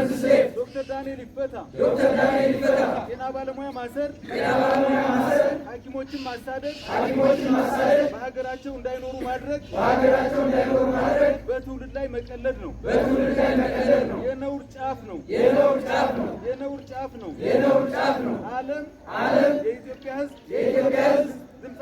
ዮሐንስ ሴፍ፣ ዶክተር ዳንኤል ይፈታ፣ ዶክተር ዳንኤል ይፈታ፣ ጤና ባለሙያ ማሰር፣ ጤና ባለሙያ ማሰር፣ ሐኪሞችን ማሳደድ፣ ሐኪሞችን ማሳደድ፣ በሀገራቸው እንዳይኖሩ ማድረግ፣ በሀገራቸው እንዳይኖሩ ማድረግ በትውልድ ላይ መቀለድ ነው፣ በትውልድ ላይ መቀለድ ነው። የነውር ጫፍ ነው፣ የነውር ጫፍ ነው፣ የነውር ጫፍ ነው፣ የነውር ጫፍ ነው። ዓለም ዓለም የኢትዮጵያ ሕዝብ የኢትዮጵያ ሕዝብ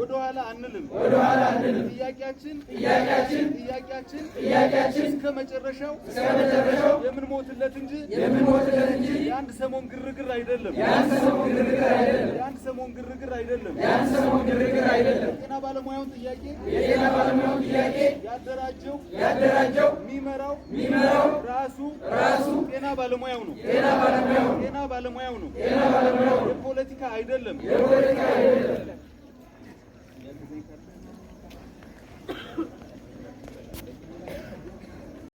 ወደኋላ አንልም። ጥያቄያችን ጥያቄያችን ጥያቄያችን ጥያቄያችን እስከ መጨረሻው እስከ መጨረሻው የምንሞትለት እንጂ የምንሞትለት እንጂ የአንድ ሰሞን ግርግር አይደለም። የአንድ ሰሞን ግርግር አይደለም። የአንድ ሰሞን ግርግር አይደለም። የአንድ ሰሞን ግርግር አይደለም። የጤና ባለሙያውን ጥያቄ የጤና ባለሙያውን ጥያቄ ያደራጀው ያደራጀው የሚመራው የሚመራው ራሱ ራሱ ጤና ባለሙያው ነው። ጤና ባለሙያው ጤና ባለሙያው ነው። ጤና ባለሙያው የፖለቲካ አይደለም። የፖለቲካ አይደለም።